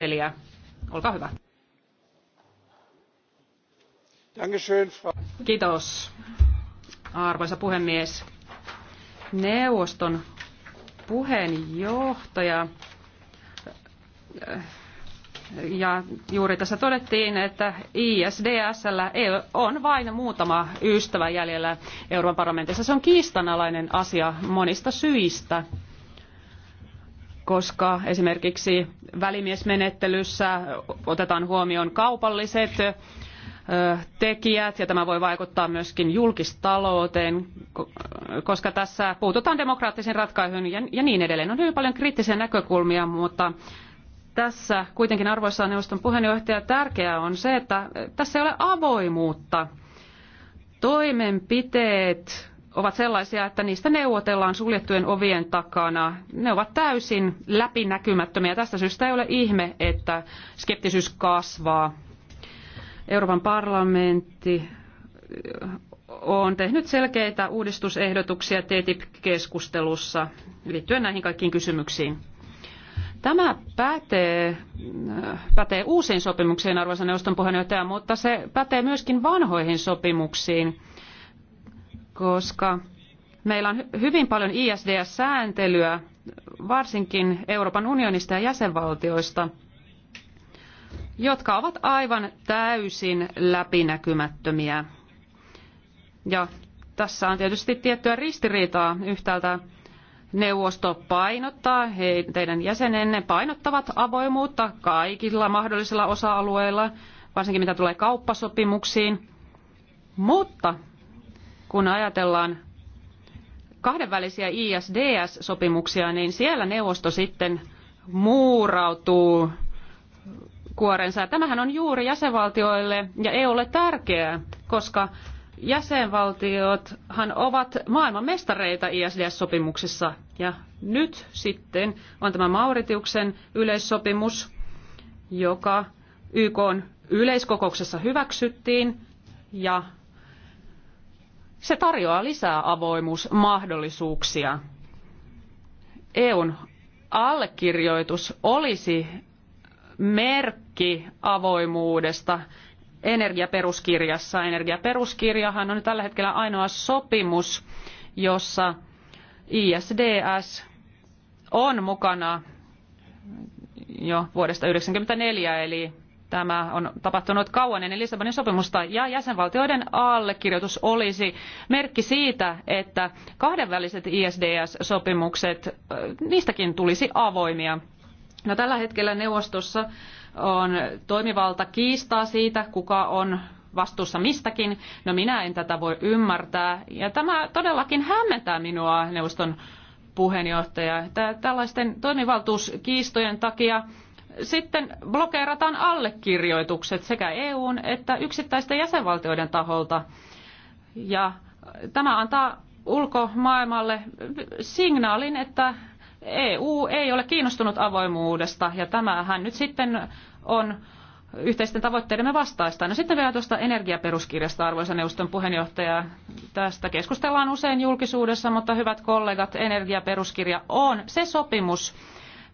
esittelijä. Olkaa hyvä. Kiitos, arvoisa puhemies. Neuvoston puheenjohtaja äh, ja juuri tässä todettiin, että ISDSllä on vain muutama ystävä jäljellä Euroopan parlamentissa. Se on kiistanalainen asia monista syistä koska esimerkiksi välimiesmenettelyssä otetaan huomioon kaupalliset tekijät ja tämä voi vaikuttaa myöskin julkistalouteen, koska tässä puututaan demokraattisiin ratkaisuihin ja niin edelleen. On hyvin paljon kriittisiä näkökulmia, mutta tässä kuitenkin arvoisa neuvoston puheenjohtaja tärkeää on se, että tässä ei ole avoimuutta. Toimenpiteet ovat sellaisia, että niistä neuvotellaan suljettujen ovien takana. Ne ovat täysin läpinäkymättömiä. Tästä syystä ei ole ihme, että skeptisyys kasvaa. Euroopan parlamentti on tehnyt selkeitä uudistusehdotuksia TTIP-keskustelussa liittyen näihin kaikkiin kysymyksiin. Tämä pätee, pätee uusiin sopimuksiin, arvoisa neuvoston puheenjohtaja, mutta se pätee myöskin vanhoihin sopimuksiin koska meillä on hyvin paljon ISDS-sääntelyä, varsinkin Euroopan unionista ja jäsenvaltioista, jotka ovat aivan täysin läpinäkymättömiä. Ja tässä on tietysti tiettyä ristiriitaa yhtäältä Neuvosto painottaa, he, teidän jäsenenne painottavat avoimuutta kaikilla mahdollisilla osa-alueilla, varsinkin mitä tulee kauppasopimuksiin. Mutta kun ajatellaan kahdenvälisiä ISDS-sopimuksia, niin siellä neuvosto sitten muurautuu kuorensa. Tämähän on juuri jäsenvaltioille ja EUlle tärkeää, koska jäsenvaltiothan ovat maailman mestareita ISDS-sopimuksissa. Ja nyt sitten on tämä Mauritiuksen yleissopimus, joka YK yleiskokouksessa hyväksyttiin ja se tarjoaa lisää avoimuusmahdollisuuksia. EUn allekirjoitus olisi merkki avoimuudesta energiaperuskirjassa. Energiaperuskirjahan on tällä hetkellä ainoa sopimus, jossa ISDS on mukana jo vuodesta 1994, eli Tämä on tapahtunut kauan ennen Lissabonin sopimusta ja jäsenvaltioiden allekirjoitus olisi merkki siitä, että kahdenväliset ISDS-sopimukset, niistäkin tulisi avoimia. No, tällä hetkellä neuvostossa on toimivalta kiistaa siitä, kuka on vastuussa mistäkin. No minä en tätä voi ymmärtää. Ja tämä todellakin hämmentää minua neuvoston puheenjohtaja. Tällaisten toimivaltuuskiistojen takia sitten blokeerataan allekirjoitukset sekä EUn että yksittäisten jäsenvaltioiden taholta. Ja tämä antaa ulkomaailmalle signaalin, että EU ei ole kiinnostunut avoimuudesta ja tämähän nyt sitten on yhteisten tavoitteidemme vastaista. No sitten vielä tuosta energiaperuskirjasta, arvoisa neuvoston puheenjohtaja. Tästä keskustellaan usein julkisuudessa, mutta hyvät kollegat, energiaperuskirja on se sopimus,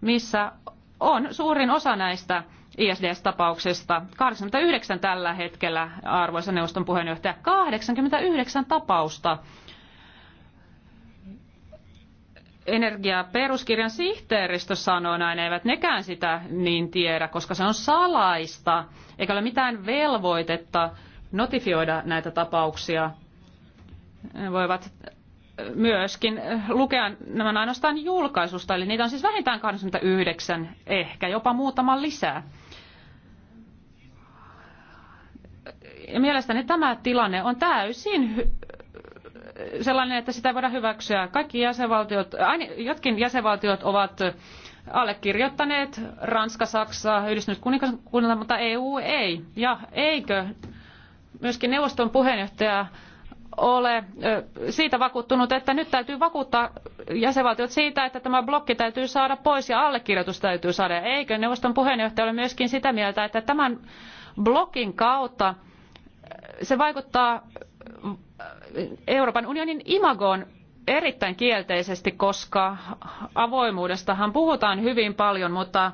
missä on suurin osa näistä ISDS-tapauksesta. 89 tällä hetkellä, arvoisa neuvoston puheenjohtaja, 89 tapausta. Energiaperuskirjan sihteeristö sanoo näin, eivät nekään sitä niin tiedä, koska se on salaista, eikä ole mitään velvoitetta notifioida näitä tapauksia. Ne voivat myöskin äh, lukea nämä ainoastaan julkaisusta, eli niitä on siis vähintään 29 ehkä jopa muutama lisää. Ja mielestäni tämä tilanne on täysin sellainen, että sitä voidaan hyväksyä. Kaikki jäsenvaltiot, äh, jotkin jäsenvaltiot ovat allekirjoittaneet Ranska, Saksa, Yhdistynyt kuningaskunta, mutta EU ei. Ja eikö myöskin neuvoston puheenjohtaja ole siitä vakuuttunut, että nyt täytyy vakuuttaa jäsenvaltiot siitä, että tämä blokki täytyy saada pois ja allekirjoitus täytyy saada. Eikö neuvoston puheenjohtaja ole myöskin sitä mieltä, että tämän blokin kautta se vaikuttaa Euroopan unionin imagoon erittäin kielteisesti, koska avoimuudestahan puhutaan hyvin paljon, mutta,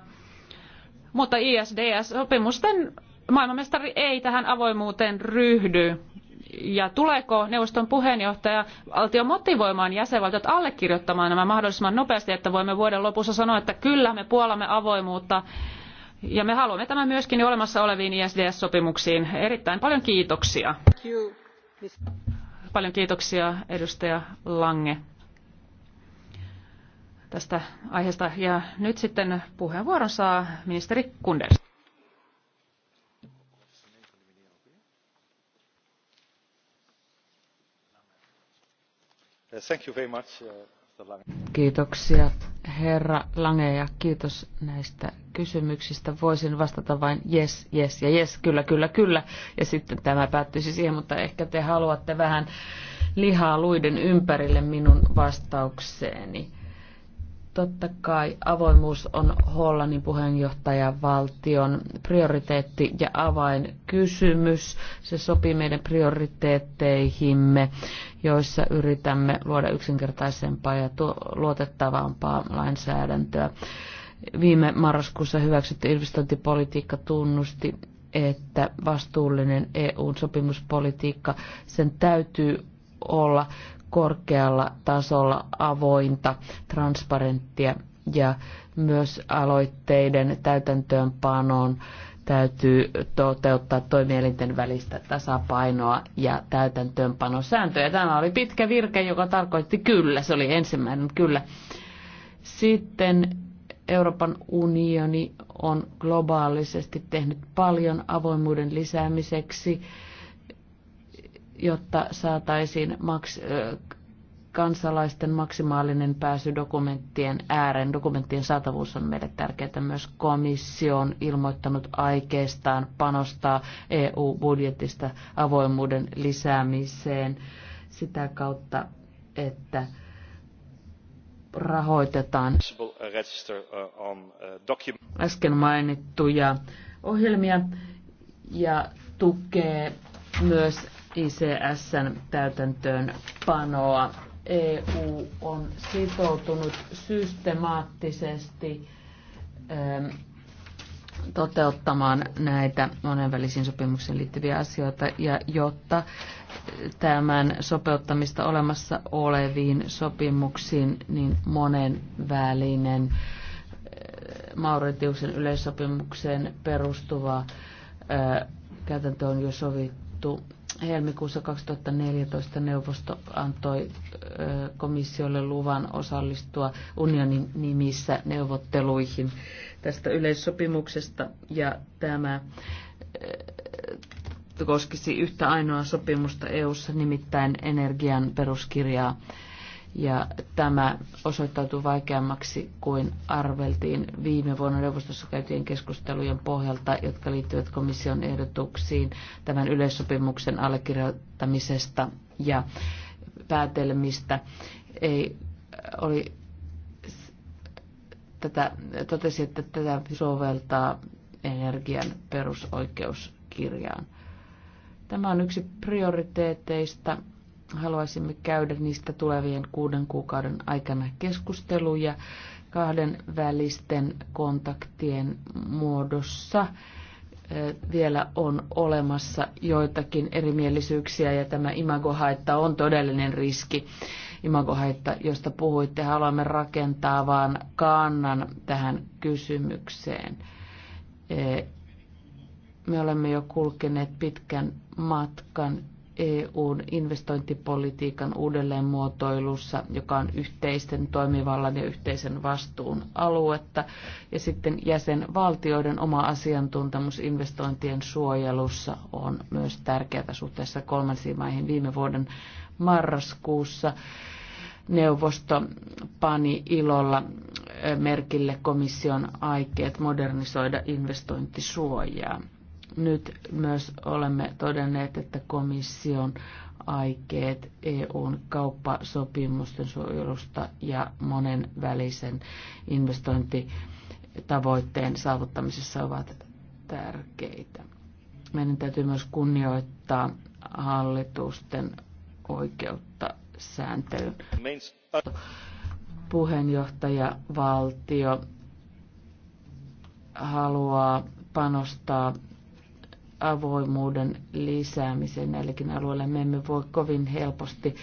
mutta ISDS-sopimusten maailmanmestari ei tähän avoimuuteen ryhdy ja tuleeko neuvoston puheenjohtaja valtio motivoimaan jäsenvaltiot allekirjoittamaan nämä mahdollisimman nopeasti, että voimme vuoden lopussa sanoa, että kyllä me puolamme avoimuutta ja me haluamme tämän myöskin jo olemassa oleviin ISDS-sopimuksiin. Erittäin paljon kiitoksia. Paljon kiitoksia edustaja Lange tästä aiheesta. Ja nyt sitten puheenvuoron saa ministeri Kunders. Thank you very much, uh, Kiitoksia herra Lange ja kiitos näistä kysymyksistä. Voisin vastata vain yes, yes ja yes, kyllä, kyllä, kyllä. Ja sitten tämä päättyisi siihen, mutta ehkä te haluatte vähän lihaa luiden ympärille minun vastaukseeni. Totta kai avoimuus on Hollannin puheenjohtajan valtion prioriteetti ja avainkysymys. Se sopii meidän prioriteetteihimme, joissa yritämme luoda yksinkertaisempaa ja luotettavampaa lainsäädäntöä. Viime marraskuussa hyväksytty investointipolitiikka tunnusti, että vastuullinen EUn sopimuspolitiikka, sen täytyy olla korkealla tasolla avointa, transparenttia ja myös aloitteiden täytäntöönpanoon täytyy toteuttaa toimielinten välistä tasapainoa ja täytäntöönpanosääntöjä. Tämä oli pitkä virke, joka tarkoitti kyllä, se oli ensimmäinen kyllä. Sitten Euroopan unioni on globaalisesti tehnyt paljon avoimuuden lisäämiseksi jotta saataisiin maks- kansalaisten maksimaalinen pääsy dokumenttien ääreen. Dokumenttien saatavuus on meille tärkeää. Myös komissio on ilmoittanut aikeistaan panostaa EU-budjetista avoimuuden lisäämiseen sitä kautta, että rahoitetaan uh, uh, äsken mainittuja ohjelmia ja tukee myös ICSn täytäntöön panoa. EU on sitoutunut systemaattisesti ähm, toteuttamaan näitä monenvälisiin sopimuksiin liittyviä asioita ja jotta tämän sopeuttamista olemassa oleviin sopimuksiin, niin monenvälinen äh, Mauritiuksen yleissopimukseen perustuva äh, käytäntö on jo sovittu Helmikuussa 2014 neuvosto antoi komissiolle luvan osallistua unionin nimissä neuvotteluihin tästä yleissopimuksesta ja tämä koskisi yhtä ainoaa sopimusta EU:ssa nimittäin energian peruskirjaa ja tämä osoittautuu vaikeammaksi kuin arveltiin viime vuonna neuvostossa käytyjen keskustelujen pohjalta, jotka liittyvät komission ehdotuksiin tämän yleissopimuksen allekirjoittamisesta ja päätelmistä. Ei, oli tätä, totesi, että tätä soveltaa energian perusoikeuskirjaan. Tämä on yksi prioriteeteista Haluaisimme käydä niistä tulevien kuuden kuukauden aikana keskusteluja kahden välisten kontaktien muodossa. Vielä on olemassa joitakin erimielisyyksiä ja tämä imagohaitta on todellinen riski imagohaitta, josta puhuitte. Haluamme rakentaa vaan kannan tähän kysymykseen. Me olemme jo kulkeneet pitkän matkan EUn investointipolitiikan uudelleenmuotoilussa, joka on yhteisten toimivallan ja yhteisen vastuun aluetta, ja sitten jäsenvaltioiden oma asiantuntemus investointien suojelussa on myös tärkeää suhteessa kolmansiin maihin viime vuoden marraskuussa. Neuvosto pani ilolla eh, merkille komission aikeet modernisoida investointisuojaa nyt myös olemme todenneet, että komission aikeet EUn kauppasopimusten suojelusta ja monen välisen investointitavoitteen saavuttamisessa ovat tärkeitä. Meidän täytyy myös kunnioittaa hallitusten oikeutta sääntelyyn. Puheenjohtaja valtio haluaa panostaa avoimuuden lisäämiseen näillekin alueille. Me emme voi kovin helposti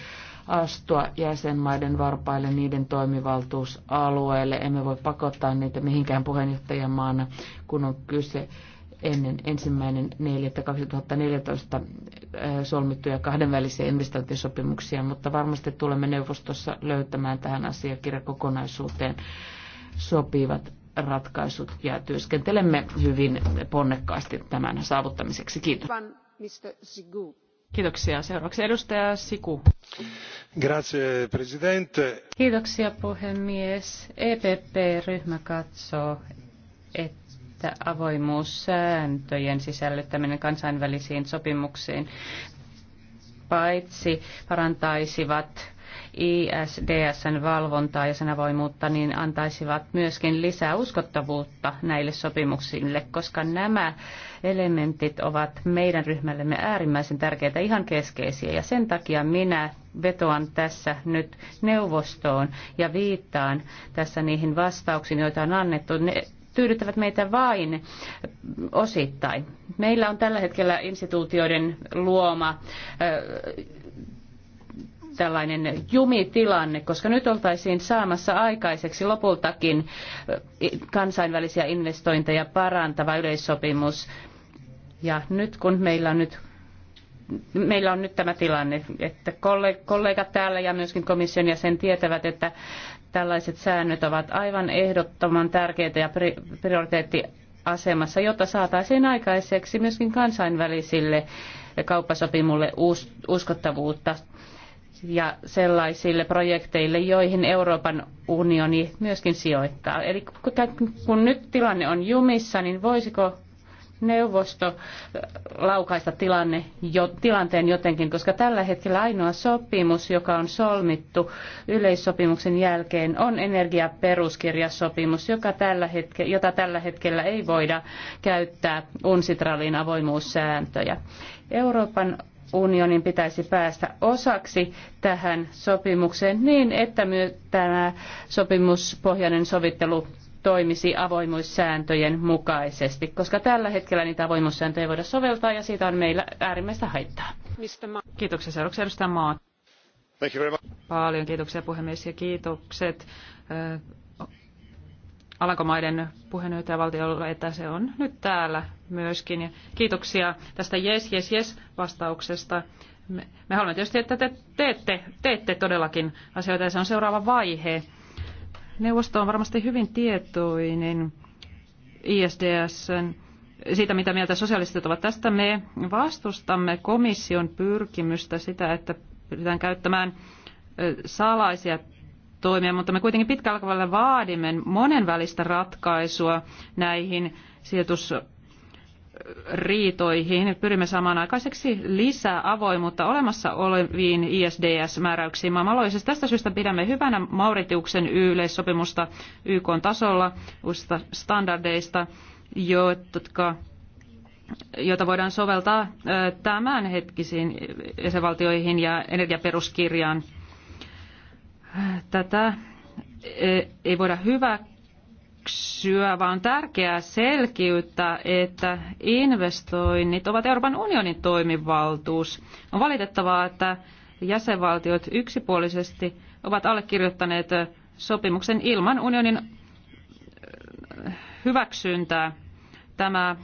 astua jäsenmaiden varpaille niiden toimivaltuusalueelle. Emme voi pakottaa niitä mihinkään puheenjohtajamaana, kun on kyse ennen ensimmäinen 4.2014 äh, solmittuja kahdenvälisiä investointisopimuksia, mutta varmasti tulemme neuvostossa löytämään tähän asiakirjakokonaisuuteen sopivat ratkaisut ja työskentelemme hyvin ponnekkaasti tämän saavuttamiseksi. Kiitos. Kiitoksia. Seuraavaksi edustaja Siku. Kiitoksia puhemies. EPP-ryhmä katsoo, että avoimuussääntöjen sisällyttäminen kansainvälisiin sopimuksiin paitsi parantaisivat ISDSn valvontaa ja sen avoimuutta, niin antaisivat myöskin lisää uskottavuutta näille sopimuksille, koska nämä elementit ovat meidän ryhmällemme äärimmäisen tärkeitä, ihan keskeisiä. Ja sen takia minä vetoan tässä nyt neuvostoon ja viittaan tässä niihin vastauksiin, joita on annettu. Ne tyydyttävät meitä vain osittain. Meillä on tällä hetkellä instituutioiden luoma tällainen jumitilanne, koska nyt oltaisiin saamassa aikaiseksi lopultakin eh, kansainvälisiä investointeja parantava yleissopimus. Ja nyt kun meillä on nyt meillä on nyt tämä tilanne, että kollegat täällä ja myöskin komission jäsen tietävät, että tällaiset säännöt ovat aivan ehdottoman tärkeitä ja prioriteettiasemassa, jotta saataisiin aikaiseksi myöskin kansainvälisille kauppasopimulle uskottavuutta ja sellaisille projekteille, joihin Euroopan unioni myöskin sijoittaa. Eli kun nyt tilanne on jumissa, niin voisiko neuvosto äh, laukaista tilanne, jo, tilanteen jotenkin, koska tällä hetkellä ainoa sopimus, joka on solmittu yleissopimuksen jälkeen, on energiaperuskirjasopimus, joka tällä hetke, jota tällä hetkellä ei voida käyttää UNSITRALin avoimuussääntöjä. Euroopan unionin pitäisi päästä osaksi tähän sopimukseen niin, että myös tämä sopimuspohjainen sovittelu toimisi avoimuussääntöjen mukaisesti, koska tällä hetkellä niitä avoimuussääntöjä ei voida soveltaa ja siitä on meillä äärimmäistä haittaa. Kiitoksia seuraavaksi edustaja Maat. Paljon kiitoksia puhemies ja kiitokset Alankomaiden puheenjohtajavaltiolle, että se on nyt täällä myöskin. Ja kiitoksia tästä yes, yes, yes vastauksesta. Me, me haluamme tietysti, että te teette, teette todellakin asioita ja se on seuraava vaihe. Neuvosto on varmasti hyvin tietoinen ISDS siitä, mitä mieltä sosialistit ovat tästä. Me vastustamme komission pyrkimystä sitä, että pyritään käyttämään salaisia toimia, mutta me kuitenkin pitkällä aikavälillä vaadimme monenvälistä ratkaisua näihin sijoitusriitoihin. Pyrimme saamaan aikaiseksi lisää avoimuutta olemassa oleviin ISDS-määräyksiin maailmanlaajuisesti. Tästä syystä pidämme hyvänä Mauritiuksen yleissopimusta YK tasolla uusista standardeista, jotka jota voidaan soveltaa tämänhetkisiin jäsenvaltioihin ja energiaperuskirjaan. Tätä e, ei voida hyväksyä, vaan on tärkeää selkiyttää, että investoinnit ovat Euroopan unionin toimivaltuus. On valitettavaa, että jäsenvaltiot yksipuolisesti ovat allekirjoittaneet sopimuksen ilman unionin hyväksyntää. Tämä,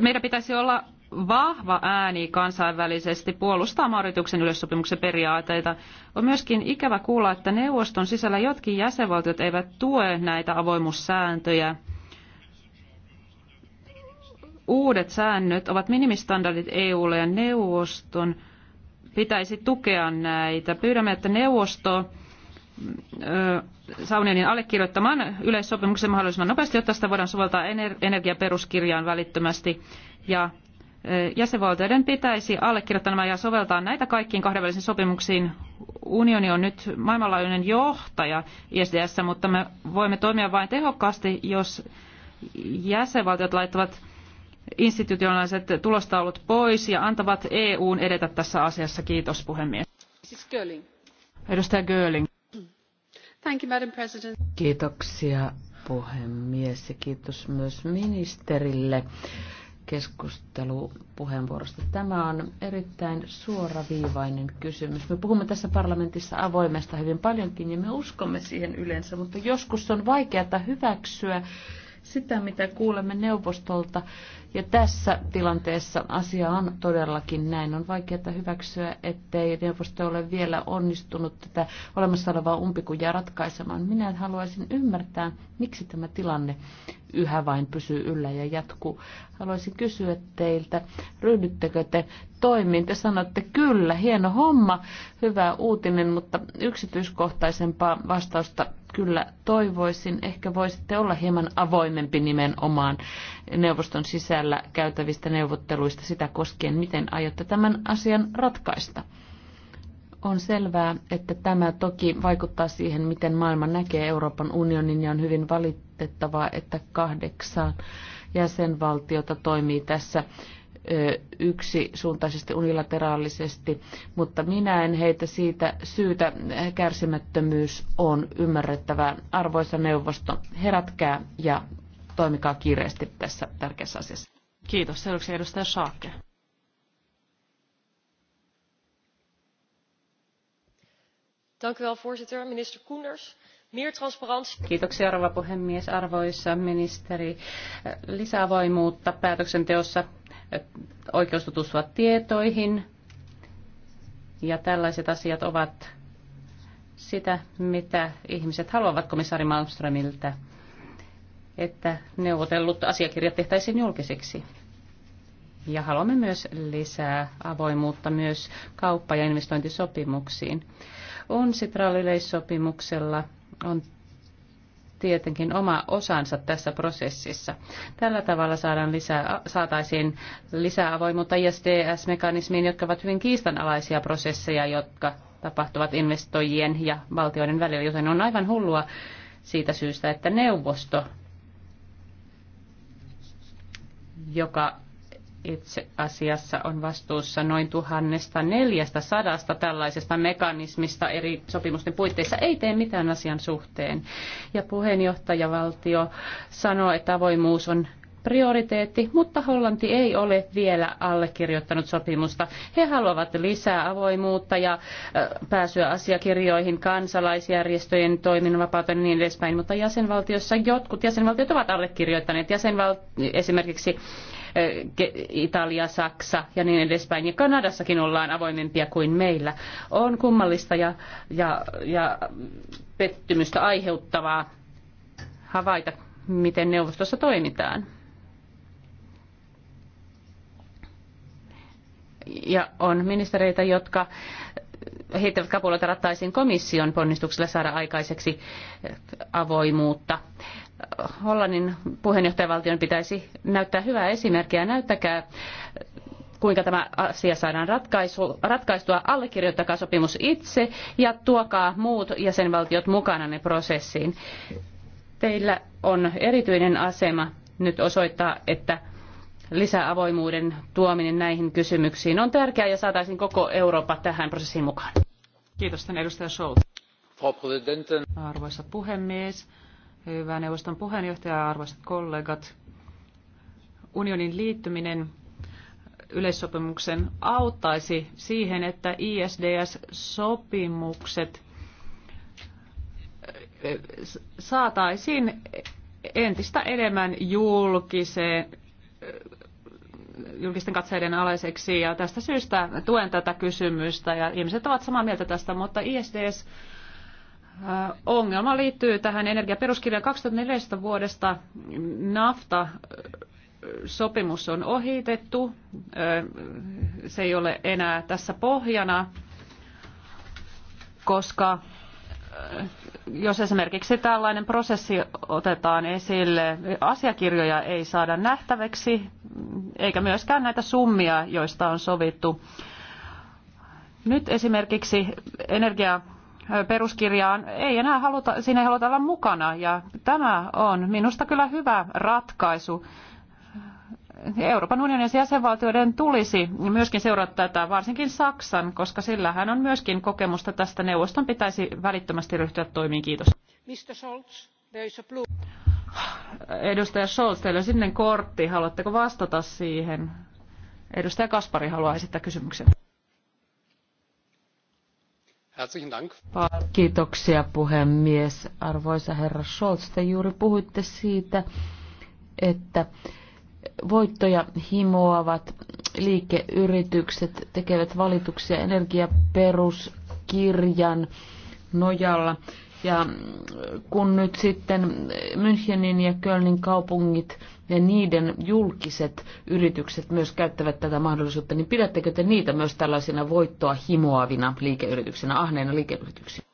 meidän pitäisi olla vahva ääni kansainvälisesti puolustaa Mauritiuksen yleissopimuksen periaatteita. On myöskin ikävä kuulla, että neuvoston sisällä jotkin jäsenvaltiot eivät tue näitä avoimuussääntöjä. Uudet säännöt ovat minimistandardit EUlle ja neuvoston pitäisi tukea näitä. Pyydämme, että neuvosto Saunenin allekirjoittaman yleissopimuksen mahdollisimman nopeasti, jotta sitä voidaan soveltaa energiaperuskirjaan välittömästi. Ja jäsenvaltioiden pitäisi allekirjoittaa nämä ja soveltaa näitä kaikkiin kahdenvälisiin sopimuksiin. Unioni on nyt maailmanlaajuinen johtaja ISDS, mutta me voimme toimia vain tehokkaasti, jos jäsenvaltiot laittavat institutionaaliset tulostaulut pois ja antavat EUn edetä tässä asiassa. Kiitos puhemies. Siis Edustaja Görling. Thank you, Madam President. Kiitoksia puhemies ja kiitos myös ministerille keskustelupuheenvuorosta. Tämä on erittäin suoraviivainen kysymys. Me puhumme tässä parlamentissa avoimesta hyvin paljonkin ja me uskomme siihen yleensä, mutta joskus on vaikeaa hyväksyä sitä, mitä kuulemme neuvostolta. Ja tässä tilanteessa asia on todellakin näin. On vaikeaa hyväksyä, ettei neuvosto ole vielä onnistunut tätä olemassa olevaa umpikujaa ratkaisemaan. Minä haluaisin ymmärtää, miksi tämä tilanne yhä vain pysyy yllä ja jatkuu. Haluaisin kysyä teiltä, ryhdyttekö te toimiin? Te sanotte kyllä, hieno homma, hyvä uutinen, mutta yksityiskohtaisempaa vastausta kyllä toivoisin. Ehkä voisitte olla hieman avoimempi nimenomaan neuvoston sisällä käytävistä neuvotteluista sitä koskien, miten aiotte tämän asian ratkaista. On selvää, että tämä toki vaikuttaa siihen, miten maailma näkee Euroopan unionin ja on hyvin valitettavaa, että kahdeksan jäsenvaltiota toimii tässä yksisuuntaisesti, unilateraalisesti, mutta minä en heitä siitä syytä. Kärsimättömyys on ymmärrettävää. Arvoisa neuvosto, herätkää ja toimikaa kiireesti tässä tärkeässä asiassa. Kiitos. Seuraavaksi edustaja Saake. voorzitter minister koenders meer transparantie. Kiitoksia arvoisa puhemies arvoisa ministeri lisäavoimuutta päätöksenteossa oikeus tutustua tietoihin. Ja tällaiset asiat ovat sitä, mitä ihmiset haluavat komissaari Malmströmiltä, että neuvotellut asiakirjat tehtäisiin julkisiksi. Ja haluamme myös lisää avoimuutta myös kauppa- ja investointisopimuksiin. UNCITRAL-yleissopimuksella on tietenkin oma osansa tässä prosessissa. Tällä tavalla saadaan lisää, saataisiin lisää avoimuutta ISDS-mekanismiin, jotka ovat hyvin kiistanalaisia prosesseja, jotka tapahtuvat investoijien ja valtioiden välillä, joten on aivan hullua siitä syystä, että neuvosto, joka itse asiassa on vastuussa noin 1400 tällaisesta mekanismista eri sopimusten puitteissa, ei tee mitään asian suhteen. Ja puheenjohtajavaltio sanoo, että avoimuus on prioriteetti, mutta Hollanti ei ole vielä allekirjoittanut sopimusta. He haluavat lisää avoimuutta ja pääsyä asiakirjoihin, kansalaisjärjestöjen toiminnanvapauteen ja niin edespäin, mutta jäsenvaltiossa jotkut jäsenvaltiot ovat allekirjoittaneet. Jäsenval- esimerkiksi Italia, Saksa ja niin edespäin. Ja Kanadassakin ollaan avoimempia kuin meillä. On kummallista ja, ja, ja pettymystä aiheuttavaa havaita, miten neuvostossa toimitaan. Ja on ministereitä, jotka heittävät kapuloita rattaisiin komission ponnistuksella saada aikaiseksi avoimuutta Hollannin puheenjohtajavaltion pitäisi näyttää hyvää esimerkkiä. Näyttäkää, kuinka tämä asia saadaan ratkaisu, ratkaistua. Allekirjoittakaa sopimus itse ja tuokaa muut jäsenvaltiot mukana ne prosessiin. Teillä on erityinen asema nyt osoittaa, että lisäavoimuuden tuominen näihin kysymyksiin on tärkeää ja saataisiin koko Eurooppa tähän prosessiin mukaan. Kiitos, edustaja Scholz. Arvoisa puhemies, Hyvä neuvoston puheenjohtaja, arvoisat kollegat. Unionin liittyminen yleissopimuksen auttaisi siihen, että ISDS-sopimukset eh, saataisiin entistä enemmän julkiseen, eh, julkisten katseiden alaiseksi ja tästä syystä tuen tätä kysymystä ja ihmiset ovat samaa mieltä tästä, mutta ISDS ongelma liittyy tähän energiaperuskirjaan 2014 vuodesta. Nafta sopimus on ohitettu, se ei ole enää tässä pohjana, koska jos esimerkiksi tällainen prosessi otetaan esille, asiakirjoja ei saada nähtäväksi, eikä myöskään näitä summia, joista on sovittu. Nyt esimerkiksi energia peruskirjaan ei enää haluta, siinä ei haluta olla mukana ja tämä on minusta kyllä hyvä ratkaisu. Euroopan unionin jäsenvaltioiden tulisi myöskin seurata tätä, varsinkin Saksan, koska sillähän on myöskin kokemusta tästä. Neuvoston pitäisi välittömästi ryhtyä toimiin. Kiitos. Mr. Scholz, there is a blue. Edustaja Scholz, teillä on sinne kortti. Haluatteko vastata siihen? Edustaja Kaspari haluaa esittää kysymyksen. Kiitoksia puhemies. Arvoisa herra Scholz, te juuri puhuitte siitä, että voittoja himoavat liikeyritykset tekevät valituksia energiaperuskirjan nojalla. Ja kun nyt sitten Münchenin ja Kölnin kaupungit ja niiden julkiset yritykset myös käyttävät tätä mahdollisuutta, niin pidättekö te niitä myös tällaisina voittoa himoavina liikeyrityksinä, ahneina liikeyrityksinä?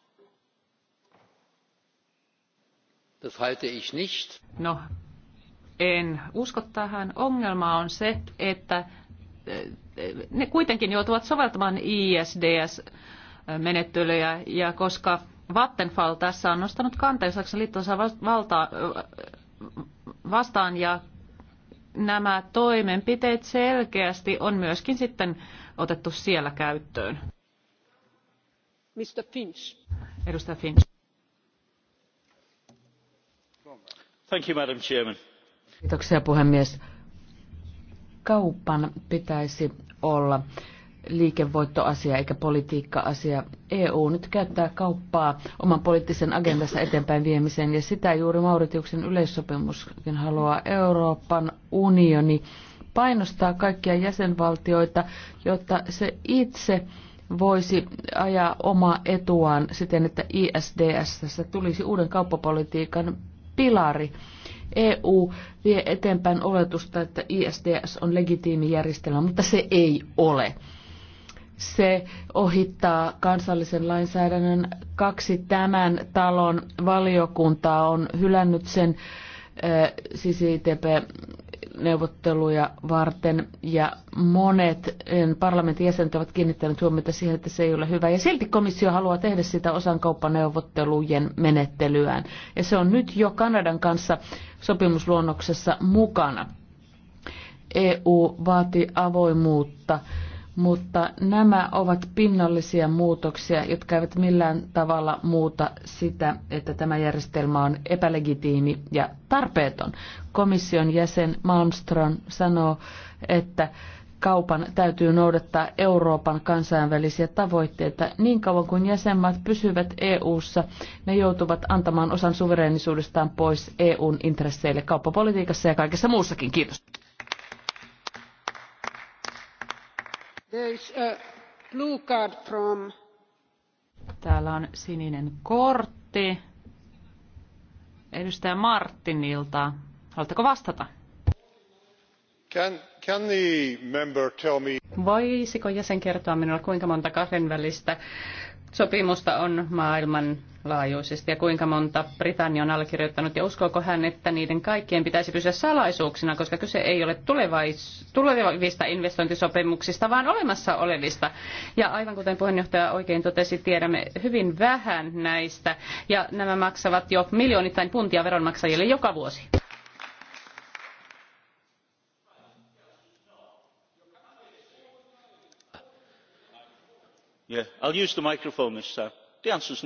Das halte ich nicht. No, en usko tähän. Ongelma on se, että eh, ne kuitenkin joutuvat soveltamaan ISDS-menettelyjä, ja koska Vattenfall tässä on nostanut kanteen Saksan valtaa, eh, vastaan ja nämä toimenpiteet selkeästi on myöskin sitten otettu siellä käyttöön. Mr. Finch. Edustaja Finch. Thank you, Madam Chairman. Kiitoksia puhemies. Kaupan pitäisi olla liikevoittoasia eikä politiikka-asia. EU nyt käyttää kauppaa oman poliittisen agendansa eteenpäin viemiseen ja sitä juuri Mauritiuksen yleissopimuskin haluaa. Euroopan unioni painostaa kaikkia jäsenvaltioita, jotta se itse voisi ajaa omaa etuaan siten, että ISDS tulisi uuden kauppapolitiikan pilari. EU vie eteenpäin oletusta, että ISDS on legitiimi järjestelmä, mutta se ei ole se ohittaa kansallisen lainsäädännön. Kaksi tämän talon valiokuntaa on hylännyt sen eh, CCTP-neuvotteluja varten ja monet eh, parlamentin jäsenet ovat kiinnittäneet huomiota siihen, että se ei ole hyvä. Ja silti komissio haluaa tehdä sitä osan kauppaneuvottelujen menettelyään. Ja se on nyt jo Kanadan kanssa sopimusluonnoksessa mukana. EU vaati avoimuutta mutta nämä ovat pinnallisia muutoksia, jotka eivät millään tavalla muuta sitä, että tämä järjestelmä on epälegitiimi ja tarpeeton. Komission jäsen Malmström sanoo, että kaupan täytyy noudattaa Euroopan kansainvälisiä tavoitteita. Niin kauan kuin jäsenmaat pysyvät EU:ssa, ne joutuvat antamaan osan suvereenisuudestaan pois EUn intresseille kauppapolitiikassa ja kaikessa muussakin. Kiitos. Täällä on sininen kortti. Edustaja Martinilta. Haluatteko vastata? Can, can the member tell me... Voisiko jäsen kertoa minulle, kuinka monta kahdenvälistä välistä sopimusta on maailman laajuisesti ja kuinka monta Britannia on allekirjoittanut ja uskooko hän, että niiden kaikkien pitäisi pysyä salaisuuksina, koska kyse ei ole tulevais, tulevista investointisopimuksista, vaan olemassa olevista. Ja aivan kuten puheenjohtaja oikein totesi, tiedämme hyvin vähän näistä ja nämä maksavat jo miljoonittain puntia veronmaksajille joka vuosi.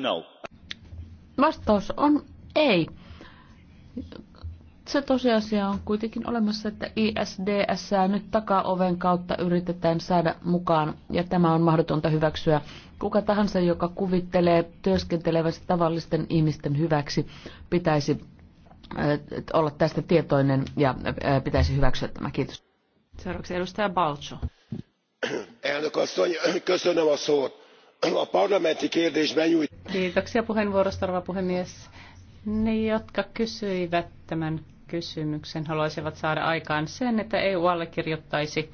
No. Vastaus on ei. Se tosiasia on kuitenkin olemassa, että ISDS nyt takaoven kautta yritetään saada mukaan, ja tämä on mahdotonta hyväksyä. Kuka tahansa, joka kuvittelee työskentelevänsä tavallisten ihmisten hyväksi, pitäisi äh, olla tästä tietoinen ja äh, pitäisi hyväksyä tämä. Kiitos. Seuraavaksi edustaja Balcho elnök asszony a parlamenti kérdésben nyújtott. kiitoksia puheenvuorosta rouva puhemies. ne jotka kysyivät tämän kysymyksen haluaisivat saada aikaan sen että eu allekirjoittaisi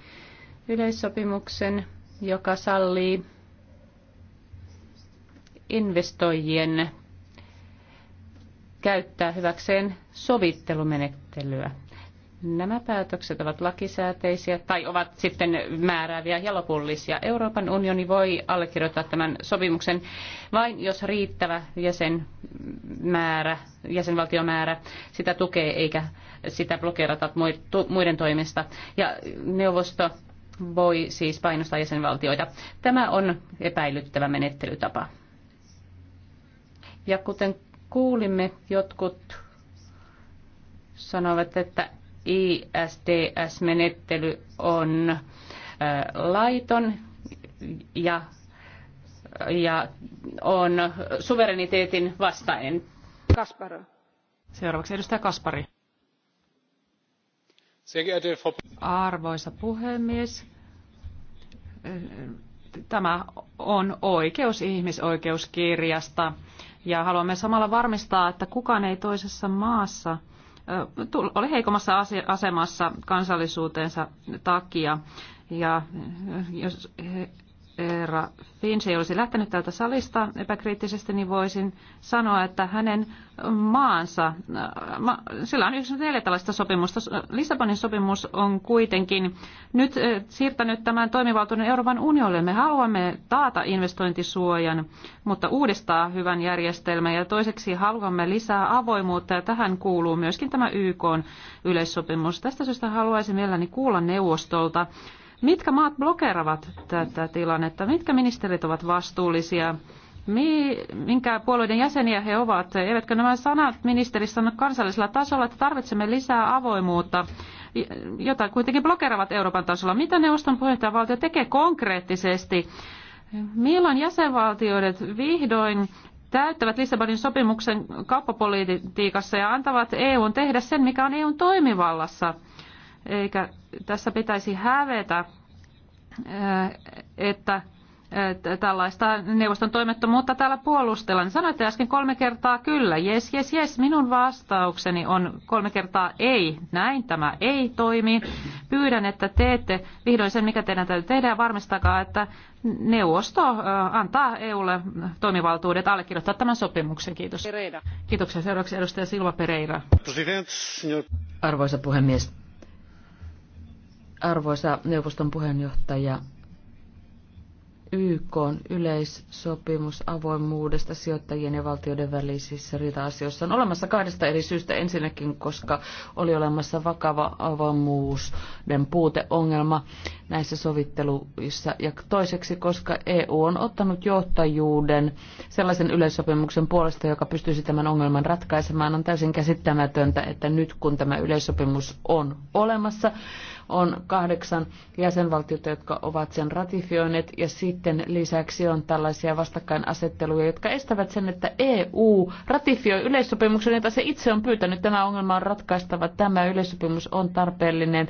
yleissopimuksen joka sallii investoijien käyttää hyväkseen sovittelumenettelyä Nämä päätökset ovat lakisääteisiä tai ovat sitten määrääviä ja lopullisia. Euroopan unioni voi allekirjoittaa tämän sopimuksen vain jos riittävä jäsenmäärä, jäsenvaltiomäärä sitä tukee eikä sitä blokeerata muiden toimesta. Ja neuvosto voi siis painostaa jäsenvaltioita. Tämä on epäilyttävä menettelytapa. Ja kuten kuulimme, jotkut sanovat, että ISTS-menettely on laiton ja, ja on suvereniteetin vastainen. Kaspar. Seuraavaksi edustaja Kaspari. Arvoisa puhemies, tämä on oikeus ihmisoikeuskirjasta ja haluamme samalla varmistaa, että kukaan ei toisessa maassa – oli heikommassa asemassa kansallisuutensa takia. Ja jos Eera Finch ei olisi lähtenyt täältä salista epäkriittisesti, niin voisin sanoa, että hänen maansa, äh, ma, sillä on 94 tällaista sopimusta. Äh, Lissabonin sopimus on kuitenkin nyt äh, siirtänyt tämän toimivaltuuden Euroopan unionille. Me haluamme taata investointisuojan, mutta uudistaa hyvän järjestelmän ja toiseksi haluamme lisää avoimuutta ja tähän kuuluu myöskin tämä YK yleissopimus. Tästä syystä haluaisin mielelläni kuulla neuvostolta, Mitkä maat blokeravat tätä tilannetta? Mitkä ministerit ovat vastuullisia? minkä puolueiden jäseniä he ovat. Eivätkö nämä sanat ministerissä sano kansallisella tasolla, että tarvitsemme lisää avoimuutta, jota kuitenkin blokeravat Euroopan tasolla. Mitä neuvoston puheenjohtajavaltio tekee konkreettisesti? Milloin jäsenvaltioidet vihdoin täyttävät Lissabonin sopimuksen kauppapolitiikassa ja antavat EUn tehdä sen, mikä on EUn toimivallassa? eikä tässä pitäisi hävetä, äh, että tällaista neuvoston toimettomuutta täällä puolustellaan. Sanoitte äsken kolme kertaa kyllä, jes, jes, jes. Minun vastaukseni on kolme kertaa ei. Näin tämä ei toimi. Pyydän, että teette vihdoin sen, mikä teidän täytyy tehdä ja varmistakaa, että neuvosto äh, antaa EUlle toimivaltuudet allekirjoittaa tämän sopimuksen. Kiitos. Pereira. Kiitoksia. Seuraavaksi edustaja Silva Pereira. Arvoisa puhemies, Arvoisa neuvoston puheenjohtaja, YK on yleissopimus avoimuudesta sijoittajien ja valtioiden välisissä riita-asioissa on olemassa kahdesta eri syystä. Ensinnäkin, koska oli olemassa vakava avoimuuden puuteongelma näissä sovitteluissa. Ja toiseksi, koska EU on ottanut johtajuuden sellaisen yleissopimuksen puolesta, joka pystyisi tämän ongelman ratkaisemaan, on täysin käsittämätöntä, että nyt kun tämä yleissopimus on olemassa, on kahdeksan jäsenvaltiota, jotka ovat sen ratifioineet, ja sitten lisäksi on tällaisia vastakkainasetteluja, jotka estävät sen, että EU ratifioi yleissopimuksen, jota se itse on pyytänyt. Tämä ongelma on ratkaistava. Tämä yleissopimus on tarpeellinen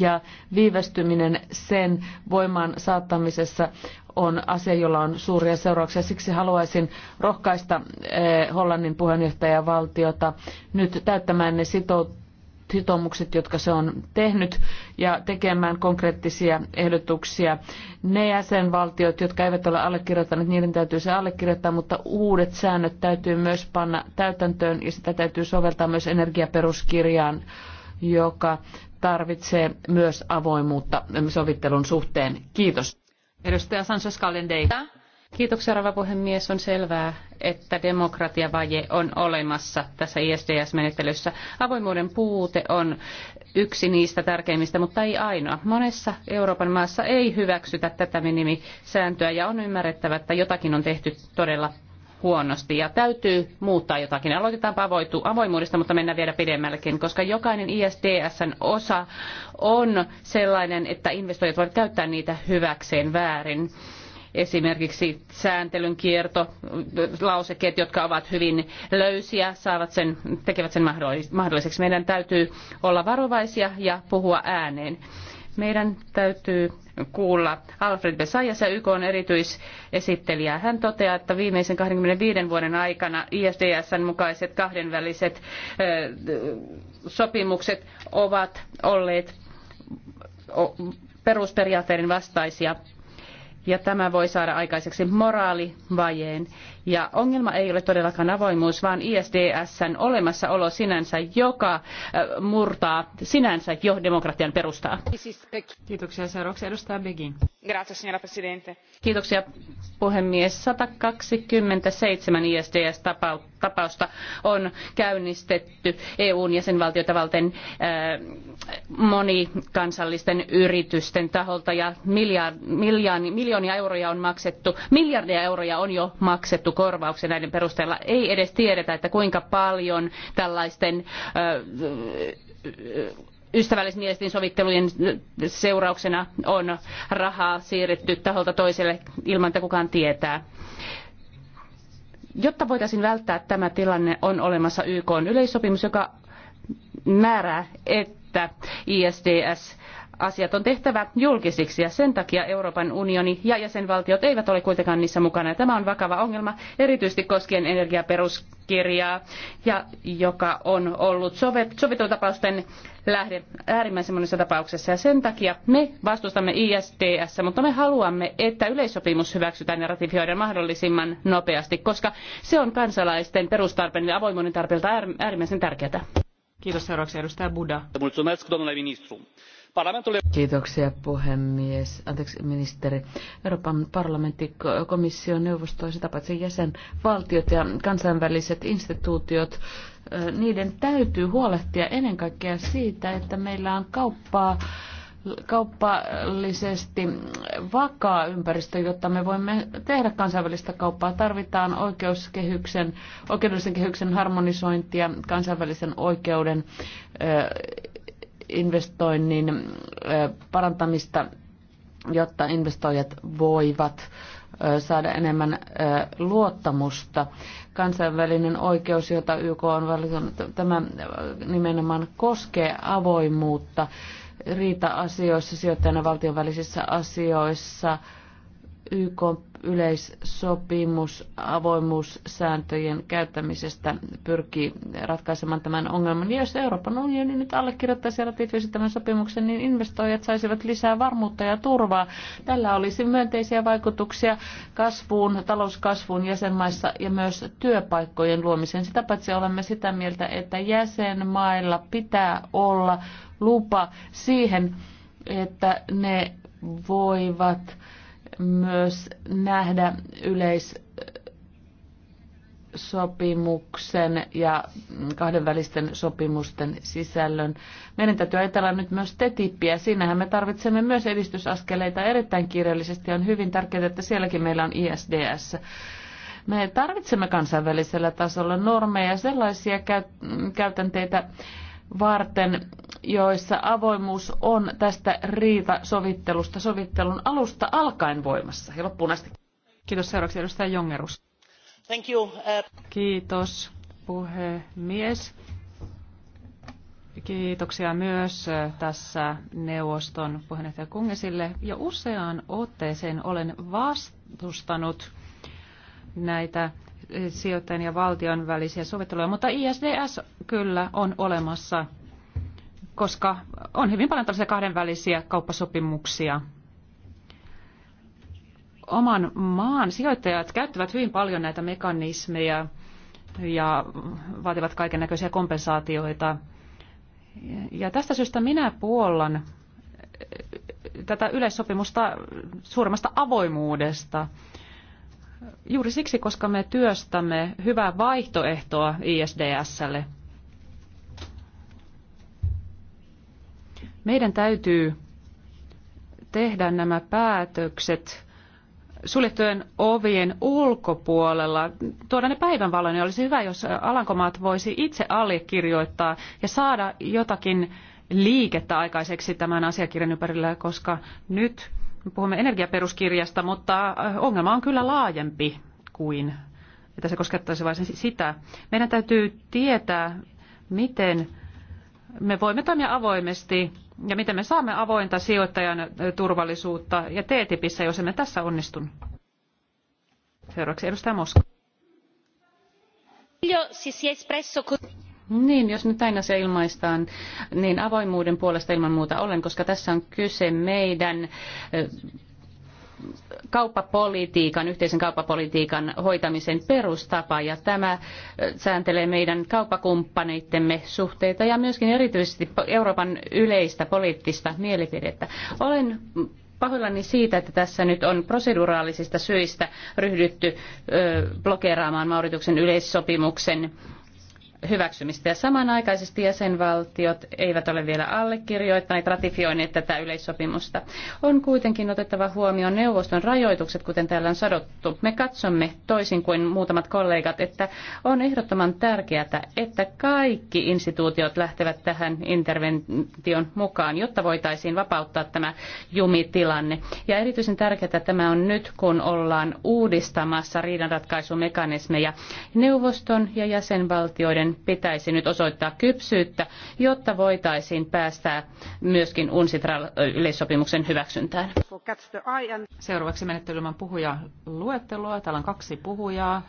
ja viivästyminen sen voimaan saattamisessa on asia, jolla on suuria seurauksia. Siksi haluaisin rohkaista eh, Hollannin puheenjohtajavaltiota nyt täyttämään ne sitoutumukset sitoumukset, jotka se on tehnyt, ja tekemään konkreettisia ehdotuksia. Ne jäsenvaltiot, jotka eivät ole allekirjoittaneet, niiden täytyy se allekirjoittaa, mutta uudet säännöt täytyy myös panna täytäntöön, ja sitä täytyy soveltaa myös energiaperuskirjaan, joka tarvitsee myös avoimuutta sovittelun suhteen. Kiitos. Edustaja Sanchez Calendei. Kiitoksia, rouva puhemies. On selvää, että demokratiavaje on olemassa tässä ISDS-menettelyssä. Avoimuuden puute on yksi niistä tärkeimmistä, mutta ei ainoa. Monessa Euroopan maassa ei hyväksytä tätä minimisääntöä ja on ymmärrettävä, että jotakin on tehty todella huonosti ja täytyy muuttaa jotakin. Aloitetaanpa avoitu, avoimuudesta, mutta mennään vielä pidemmällekin, koska jokainen ISDSn osa on sellainen, että investoijat voivat käyttää niitä hyväkseen väärin. Esimerkiksi sääntelyn kierto, lausekkeet, jotka ovat hyvin löysiä, saavat sen, tekevät sen mahdolliseksi. Meidän täytyy olla varovaisia ja puhua ääneen meidän täytyy kuulla Alfred Besajas ja YK on erityisesittelijä. Hän toteaa, että viimeisen 25 vuoden aikana ISDSn mukaiset kahdenväliset sopimukset ovat olleet perusperiaatteiden vastaisia ja tämä voi saada aikaiseksi moraalivajeen. Ja ongelma ei ole todellakaan avoimuus, vaan ISDSn olemassaolo sinänsä, joka äh, murtaa sinänsä jo demokratian perustaa. Kiitoksia. Seuraavaksi edustaja Begin arvoisa Kiitoksia puhemies. 127 ISDS-tapausta on käynnistetty EUn jäsenvaltioita valten äh, monikansallisten yritysten taholta ja miljard, miljoonia euroja on maksettu, miljardeja euroja on jo maksettu korvauksia näiden perusteella. Ei edes tiedetä, että kuinka paljon tällaisten äh, ystävällismielisten sovittelujen seurauksena on rahaa siirretty taholta toiselle ilman, että kukaan tietää. Jotta voitaisiin välttää tämä tilanne, on olemassa YK yleissopimus, joka määrää, että ISDS asiat on tehtävä julkisiksi ja sen takia Euroopan unioni ja jäsenvaltiot eivät ole kuitenkaan niissä mukana. Ja tämä on vakava ongelma erityisesti koskien energiaperuskirjaa, ja joka on ollut sovittelutapausten lähde äärimmäisen monessa tapauksessa. Ja sen takia me vastustamme ISDS, mutta me haluamme, että yleissopimus hyväksytään ja ratifioidaan mahdollisimman nopeasti, koska se on kansalaisten perustarpeen ja avoimuuden tarpeelta äärimmäisen tärkeää. Kiitos seuraavaksi edustaja Buda. Mulțumesc, domnule ministru Kiitoksia puhemies. Anteeksi ministeri. Euroopan parlamentti, komissio, neuvosto ja sitä paitsi jäsenvaltiot ja kansainväliset instituutiot, niiden täytyy huolehtia ennen kaikkea siitä, että meillä on kauppaa kauppallisesti vakaa ympäristö, jotta me voimme tehdä kansainvälistä kauppaa. Tarvitaan oikeuskehyksen, oikeudellisen kehyksen harmonisointia, kansainvälisen oikeuden investoinnin parantamista, jotta investoijat voivat saada enemmän luottamusta. Kansainvälinen oikeus, jota YK on valitunut, tämä nimenomaan koskee avoimuutta riita-asioissa, sijoittajana valtion välisissä asioissa. YK yleissopimus avoimuussääntöjen käyttämisestä pyrkii ratkaisemaan tämän ongelman. Ja jos Euroopan unioni nyt allekirjoittaisi ja ratifioisi tämän sopimuksen, niin investoijat saisivat lisää varmuutta ja turvaa. Tällä olisi myönteisiä vaikutuksia kasvuun, talouskasvuun jäsenmaissa ja myös työpaikkojen luomiseen. Sitä paitsi olemme sitä mieltä, että jäsenmailla pitää olla lupa siihen, että ne voivat myös nähdä yleissopimuksen ja kahdenvälisten sopimusten sisällön. Meidän täytyy ajatella nyt myös TTIPiä. Siinähän me tarvitsemme myös edistysaskeleita erittäin kiireellisesti. On hyvin tärkeää, että sielläkin meillä on ISDS me tarvitsemme kansainvälisellä tasolla normeja sellaisia käytänteitä varten, joissa avoimuus on tästä riitasovittelusta sovittelun alusta alkaen voimassa ja loppuun asti. Kiitos seuraavaksi edustaja Jongerus. Thank you. Uh, Kiitos puhemies. Kiitoksia myös uh, tässä neuvoston puheenjohtaja Kungesille. Jo useaan otteeseen olen vastustanut näitä sijoittajan ja valtion välisiä sovitteluja, mutta ISDS kyllä on olemassa koska on hyvin paljon tällaisia kahdenvälisiä kauppasopimuksia. Oman maan sijoittajat käyttävät hyvin paljon näitä mekanismeja ja vaativat kaiken näköisiä kompensaatioita. Ja tästä syystä minä puollan eh, tätä yleissopimusta suuremmasta avoimuudesta. Juuri siksi, koska me työstämme hyvää vaihtoehtoa ISDSlle. Meidän täytyy tehdä nämä päätökset suljettujen ovien ulkopuolella, tuoda ne päivänvaloon, niin olisi hyvä, jos Alankomaat voisi itse allekirjoittaa ja saada jotakin liikettä aikaiseksi tämän asiakirjan ympärillä, koska nyt puhumme energiaperuskirjasta, mutta äh, ongelma on kyllä laajempi kuin että se koskettaisi vain sitä. Meidän täytyy tietää, miten me voimme toimia avoimesti ja miten me saamme avointa sijoittajan turvallisuutta ja TTIPissä, jos emme tässä onnistu. Seuraavaksi edustaja Moska. Niin, jos nyt aina se ilmaistaan, niin avoimuuden puolesta ilman muuta olen, koska tässä on kyse meidän kauppapolitiikan, yhteisen kauppapolitiikan hoitamisen perustapa ja tämä sääntelee meidän kauppakumppaneittemme suhteita ja myöskin erityisesti Euroopan yleistä poliittista mielipidettä. Olen pahoillani siitä, että tässä nyt on proseduraalisista syistä ryhdytty blokeeraamaan Maurituksen yleissopimuksen hyväksymistä. Ja samanaikaisesti jäsenvaltiot eivät ole vielä allekirjoittaneet, ratifioineet tätä yleissopimusta. On kuitenkin otettava huomioon neuvoston rajoitukset, kuten täällä on sadottu. Me katsomme, toisin kuin muutamat kollegat, että on ehdottoman tärkeää, että kaikki instituutiot lähtevät tähän intervention mukaan, jotta voitaisiin vapauttaa tämä jumitilanne. Ja erityisen tärkeää tämä on nyt, kun ollaan uudistamassa riidanratkaisumekanismeja neuvoston ja jäsenvaltioiden pitäisi nyt osoittaa kypsyyttä, jotta voitaisiin päästää myöskin UNCITRA-yleissopimuksen hyväksyntään. Seuraavaksi menettelymän puhuja luettelua. Täällä on kaksi puhujaa.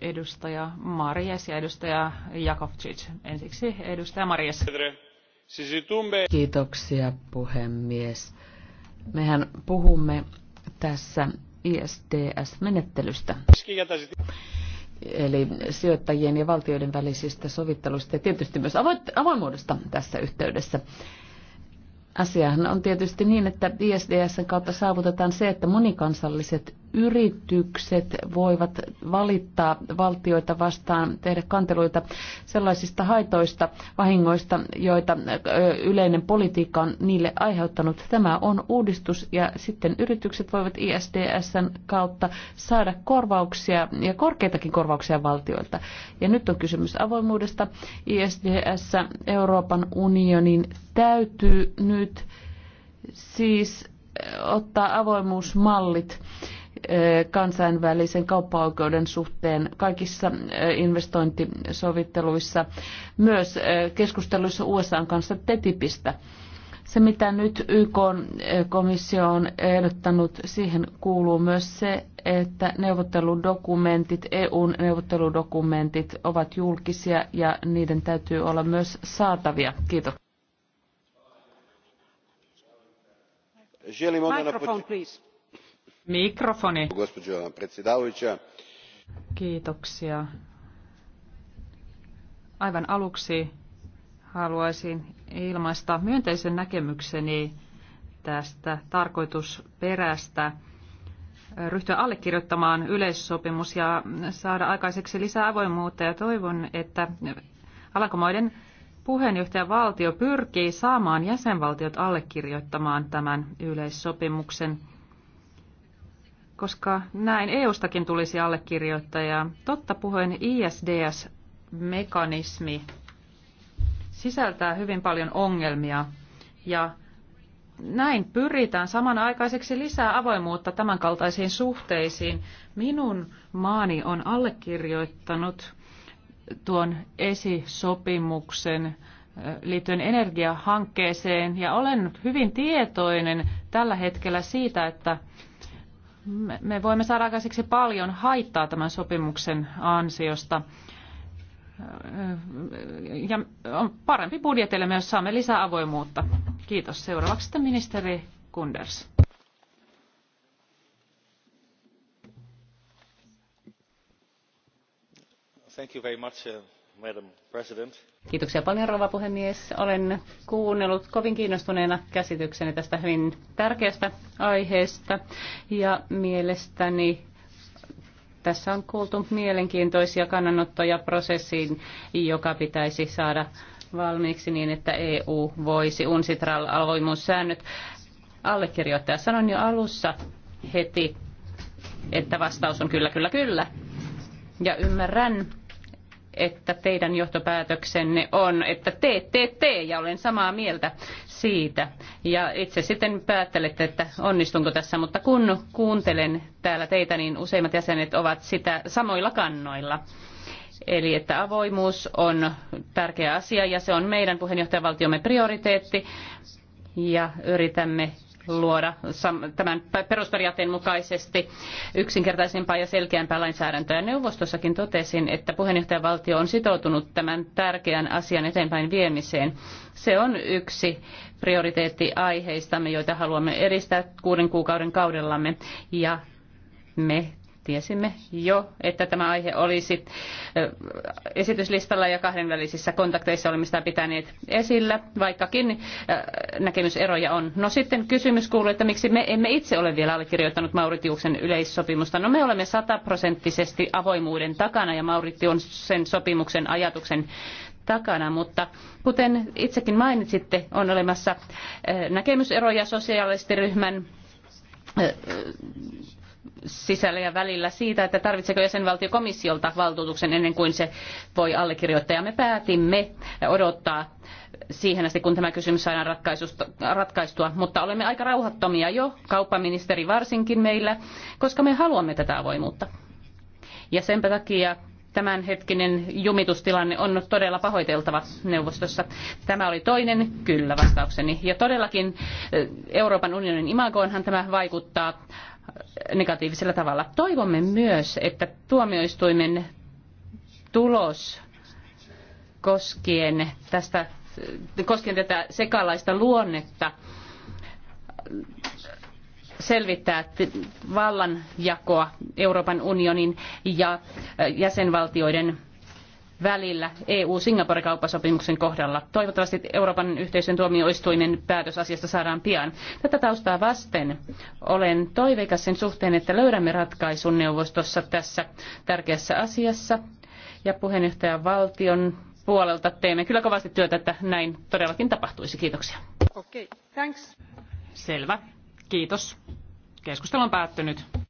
Edustaja Marjes ja edustaja Jakovcic. Ensiksi edustaja Marjes. Kiitoksia puhemies. Mehän puhumme tässä ISTS menettelystä eli sijoittajien ja valtioiden välisistä sovitteluista ja tietysti myös avoimuudesta tässä yhteydessä. Asiahan on tietysti niin, että ISDSn kautta saavutetaan se, että monikansalliset yritykset voivat valittaa valtioita vastaan, tehdä kanteluita sellaisista haitoista, vahingoista, joita yleinen politiikka on niille aiheuttanut. Tämä on uudistus ja sitten yritykset voivat ISDSn kautta saada korvauksia ja korkeitakin korvauksia valtioilta. Ja nyt on kysymys avoimuudesta. ISDS Euroopan unionin täytyy nyt siis ottaa avoimuusmallit Eh, kansainvälisen kauppaoikeuden suhteen kaikissa eh, investointisovitteluissa, myös eh, keskusteluissa USA kanssa TTIPistä. Se, mitä nyt YK-komissio on ehdottanut, siihen kuuluu myös se, että neuvotteludokumentit, EUn neuvotteludokumentit ovat julkisia ja niiden täytyy olla myös saatavia. Kiitos. Mikrofon, please Mikrofoni. Gospođo predsjedavajuća. Kiitoksia. Aivan aluksi haluaisin ilmaista myönteisen näkemykseni tästä tarkoitusperästä ryhtyä allekirjoittamaan yleissopimus ja saada aikaiseksi lisää avoimuutta ja toivon, että Alankomaiden puheenjohtajavaltio pyrkii saamaan jäsenvaltiot allekirjoittamaan tämän yleissopimuksen koska näin EU-stakin tulisi allekirjoittajaa. Totta puheen ISDS-mekanismi sisältää hyvin paljon ongelmia ja näin pyritään samanaikaiseksi lisää avoimuutta tämänkaltaisiin suhteisiin. Minun maani on allekirjoittanut tuon esisopimuksen liittyen energiahankkeeseen ja olen hyvin tietoinen tällä hetkellä siitä, että me voimme saada aikaiseksi paljon haittaa tämän sopimuksen ansiosta. Ja on parempi budjetille, myös saamme lisää avoimuutta. Kiitos. Seuraavaksi ministeri Kunders. Thank you very much. Uh, Kiitoksia paljon, rouva puhemies. Olen kuunnellut kovin kiinnostuneena käsitykseni tästä hyvin tärkeästä aiheesta ja mielestäni tässä on kuultu mielenkiintoisia kannanottoja prosessiin, joka pitäisi saada valmiiksi niin, että EU voisi UNCITRAL-avoimuussäännöt allekirjoittaa. Sanoin jo alussa heti, että vastaus on kyllä, kyllä, kyllä. Ja ymmärrän, että teidän johtopäätöksenne on, että te, te, te, ja olen samaa mieltä siitä. Ja itse sitten päättelette, että onnistunko tässä, mutta kun kuuntelen täällä teitä, niin useimmat jäsenet ovat sitä samoilla kannoilla. Eli että avoimuus on tärkeä asia ja se on meidän puheenjohtajavaltiomme prioriteetti ja yritämme luoda tämän perusperiaatteen mukaisesti yksinkertaisempaa ja selkeämpää lainsäädäntöä. Neuvostossakin totesin, että puheenjohtajavaltio on sitoutunut tämän tärkeän asian eteenpäin viemiseen. Se on yksi prioriteettiaiheistamme, joita haluamme edistää kuuden kuukauden kaudellamme ja me Tiesimme jo, että tämä aihe olisi esityslistalla ja kahdenvälisissä kontakteissa olemme sitä pitäneet esillä, vaikkakin näkemyseroja on. No sitten kysymys kuuluu, että miksi me emme itse ole vielä allekirjoittanut Mauritiuksen yleissopimusta. No me olemme sataprosenttisesti avoimuuden takana ja Mauritiuksen sen sopimuksen ajatuksen takana, mutta kuten itsekin mainitsitte, on olemassa näkemyseroja ryhmän sisällä ja välillä siitä, että tarvitseeko jäsenvaltio komissiolta valtuutuksen ennen kuin se voi allekirjoittaa. Ja me päätimme odottaa siihen asti, kun tämä kysymys saadaan ratkaistua, mutta olemme aika rauhattomia jo, kauppaministeri varsinkin meillä, koska me haluamme tätä avoimuutta. Ja senpä takia tämänhetkinen jumitustilanne on todella pahoiteltava neuvostossa. Tämä oli toinen kyllä vastaukseni. Ja todellakin eh, Euroopan unionin imagoonhan tämä vaikuttaa negatiivisella tavalla. Toivomme myös, että tuomioistuimen tulos koskien, tästä, koskien tätä sekalaista luonnetta selvittää vallanjakoa Euroopan unionin ja jäsenvaltioiden välillä EU-Singapore-kauppasopimuksen kohdalla. Toivottavasti Euroopan yhteisön tuomioistuimen päätös asiasta saadaan pian. Tätä taustaa vasten olen toiveikas sen suhteen, että löydämme ratkaisun neuvostossa tässä tärkeässä asiassa. Ja puheenjohtajan valtion puolelta teemme kyllä kovasti työtä, että näin todellakin tapahtuisi. Kiitoksia. Okay, thanks. Selvä. Kiitos. Keskustelu on päättynyt.